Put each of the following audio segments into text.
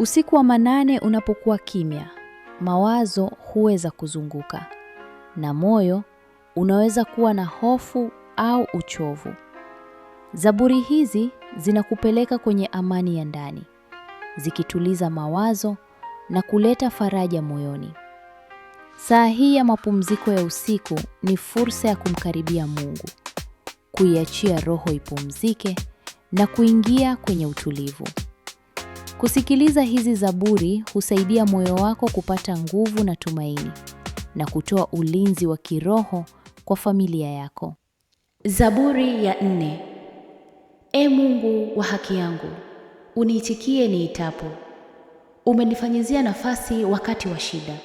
Usiku wa manane unapokuwa kimya, mawazo huweza kuzunguka na moyo unaweza kuwa na hofu au uchovu. Zaburi hizi zinakupeleka kwenye amani ya ndani, zikituliza mawazo na kuleta faraja moyoni. Saa hii ya mapumziko ya usiku ni fursa ya kumkaribia Mungu, kuiachia roho ipumzike na kuingia kwenye utulivu. Kusikiliza hizi Zaburi husaidia moyo wako kupata nguvu na tumaini na kutoa ulinzi wa kiroho kwa familia yako. Zaburi ya nne. E Mungu wa haki yangu, uniitikie niitapo. Umenifanyizia nafasi wakati wa shida,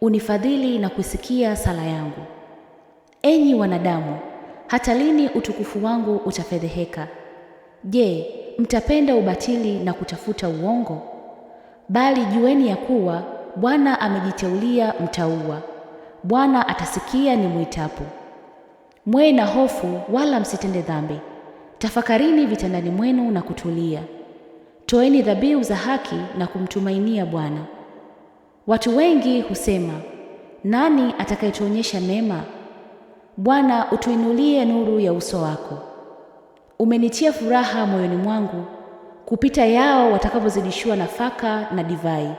unifadhili na kusikia sala yangu. Enyi wanadamu, hata lini utukufu wangu utafedheheka? Je, mtapenda ubatili na kutafuta uongo? Bali jueni ya kuwa Bwana amejiteulia mtaua. Bwana atasikia ni mwitapo. Mwe na hofu wala msitende dhambi. Tafakarini vitandani mwenu na kutulia. Toeni dhabihu za haki na kumtumainia Bwana. Watu wengi husema, nani atakayetuonyesha mema? Bwana, utuinulie nuru ya uso wako. Umenitia furaha moyoni mwangu kupita yao watakavyozidishiwa nafaka na divai.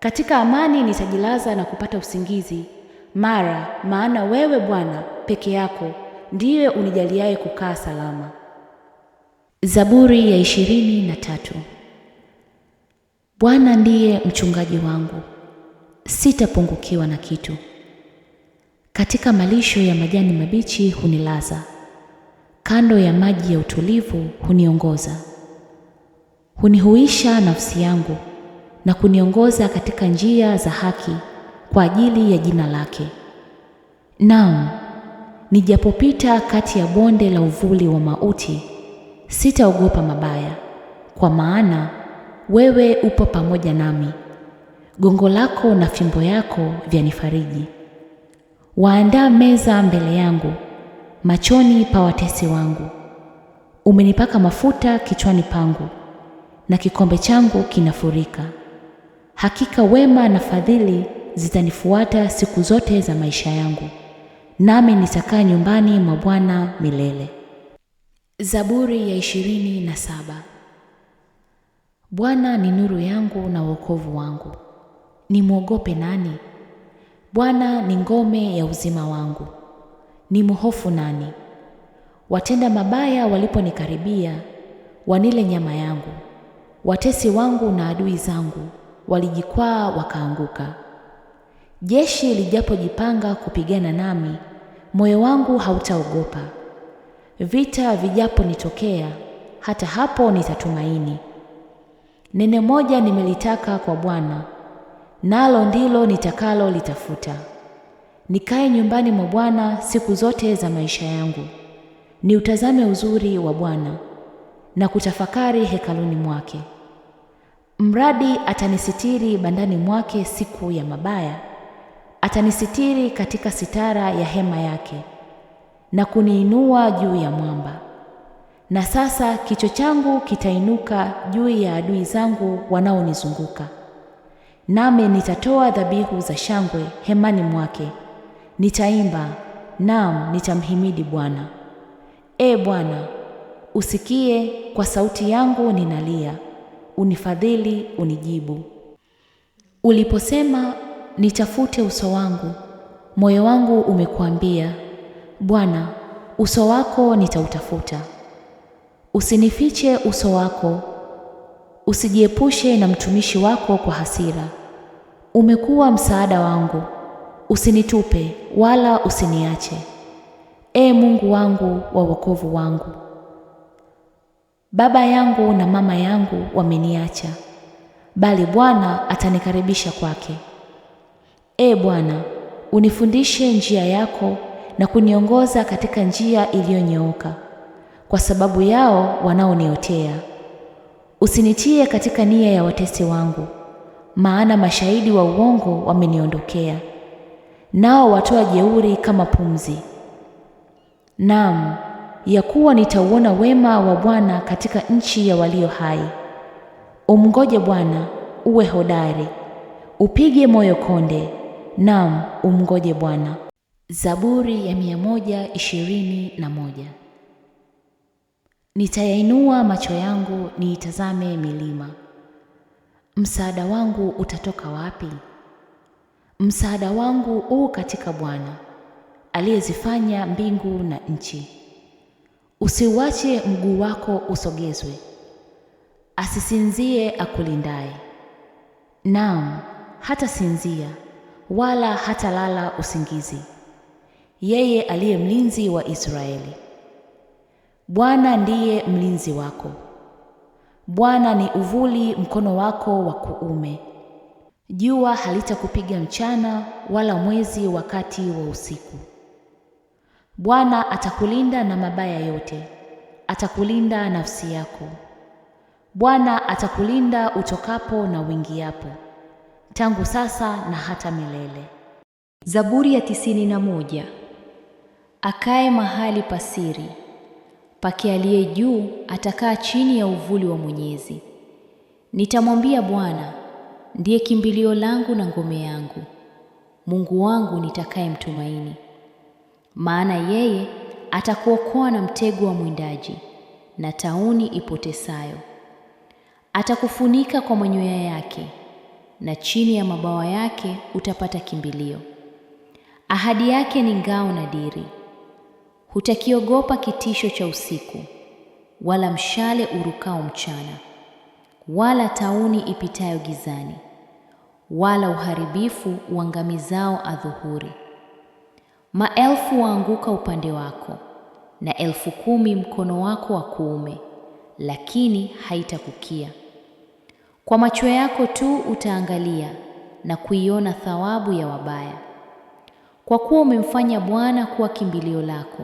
Katika amani nitajilaza na kupata usingizi mara, maana wewe Bwana peke yako ndiye unijaliaye kukaa salama. Zaburi ya ishirini na tatu. Bwana ndiye mchungaji wangu, sitapungukiwa na kitu. Katika malisho ya majani mabichi hunilaza kando ya maji ya utulivu huniongoza, hunihuisha nafsi yangu na kuniongoza katika njia za haki kwa ajili ya jina lake. Naam, nijapopita kati ya bonde la uvuli wa mauti, sitaogopa mabaya, kwa maana wewe upo pamoja nami. Gongo lako na fimbo yako vyanifariji. Waandaa meza mbele yangu machoni pa watesi wangu. Umenipaka mafuta kichwani pangu, na kikombe changu kinafurika. Hakika wema na fadhili zitanifuata siku zote za maisha yangu, nami nitakaa nyumbani mwa Bwana milele. Zaburi ya ishirini na saba. Bwana ni nuru yangu na wokovu wangu, nimwogope nani? Bwana ni ngome ya uzima wangu, ni mhofu nani? Watenda mabaya waliponikaribia, wanile nyama yangu. Watesi wangu na adui zangu walijikwaa wakaanguka. Jeshi lijapojipanga kupigana nami, moyo wangu hautaogopa. Vita vijaponitokea, hata hapo nitatumaini. Neno moja nimelitaka kwa Bwana, nalo ndilo nitakalolitafuta nikae nyumbani mwa Bwana siku zote za maisha yangu, niutazame uzuri wa Bwana na kutafakari hekaluni mwake. Mradi atanisitiri bandani mwake siku ya mabaya, atanisitiri katika sitara ya hema yake na kuniinua juu ya mwamba. Na sasa kichwa changu kitainuka juu ya adui zangu wanaonizunguka, nami nitatoa dhabihu za shangwe hemani mwake. Nitaimba, naam, nitamhimidi Bwana. E Bwana, usikie, kwa sauti yangu ninalia, unifadhili, unijibu. Uliposema nitafute uso wangu, moyo wangu umekuambia, Bwana, uso wako nitautafuta. Usinifiche uso wako, usijiepushe na mtumishi wako kwa hasira. Umekuwa msaada wangu usinitupe wala usiniache, Ee Mungu wangu wa wokovu wangu. Baba yangu na mama yangu wameniacha, bali Bwana atanikaribisha kwake. e Bwana, unifundishe njia yako na kuniongoza katika njia iliyonyooka, kwa sababu yao wanaoniotea. Usinitie katika nia ya watesi wangu, maana mashahidi wa uongo wameniondokea nao watoa jeuri kama pumzi. Naam, ya kuwa nitauona wema wa Bwana katika nchi ya walio hai. Umngoje Bwana, uwe hodari, upige moyo konde. Naam, umngoje Bwana. Zaburi ya mia moja ishirini na moja. Nitayainua macho yangu niitazame milima. Msaada wangu utatoka wapi? Msaada wangu u katika Bwana aliyezifanya mbingu na nchi. Usiuache mguu wako usogezwe, asisinzie akulindaye. Naam, hatasinzia wala hatalala usingizi, yeye aliye mlinzi wa Israeli. Bwana ndiye mlinzi wako, Bwana ni uvuli mkono wako wa kuume. Jua halitakupiga mchana, wala mwezi wakati wa usiku. Bwana atakulinda na mabaya yote, atakulinda nafsi yako. Bwana atakulinda utokapo na uingiapo, tangu sasa na hata milele. Zaburi ya tisini na moja. Akae mahali pasiri pake aliye juu atakaa chini ya uvuli wa Mwenyezi. Nitamwambia Bwana, ndiye kimbilio langu na ngome yangu, Mungu wangu nitakaye mtumaini Maana yeye atakuokoa na mtego wa mwindaji na tauni ipotesayo. Atakufunika kwa manyoya yake, na chini ya mabawa yake utapata kimbilio. Ahadi yake ni ngao na diri. Hutakiogopa kitisho cha usiku, wala mshale urukao mchana, wala tauni ipitayo gizani, wala uharibifu uangamizao adhuhuri. Maelfu waanguka upande wako na elfu kumi mkono wako wa kuume, lakini haitakukia. Kwa macho yako tu utaangalia na kuiona thawabu ya wabaya, kwa kuwa umemfanya Bwana kuwa kimbilio lako,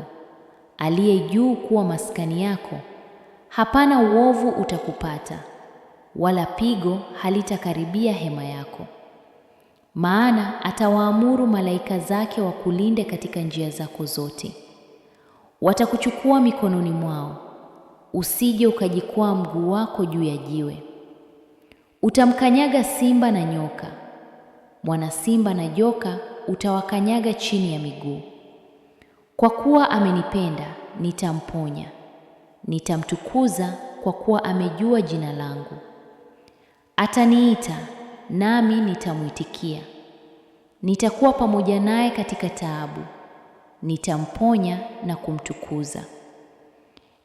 aliye juu kuwa maskani yako. Hapana uovu utakupata, wala pigo halitakaribia hema yako maana atawaamuru malaika zake wakulinde katika njia zako zote. Watakuchukua mikononi mwao, usije ukajikwaa mguu wako juu ya jiwe. Utamkanyaga simba na nyoka, mwana simba na joka utawakanyaga chini ya miguu. Kwa kuwa amenipenda nitamponya, nitamtukuza kwa kuwa amejua jina langu. Ataniita nami nitamwitikia. Nitakuwa pamoja naye katika taabu, nitamponya na kumtukuza.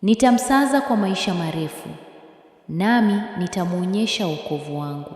Nitamsaza kwa maisha marefu, nami nitamwonyesha wokovu wangu.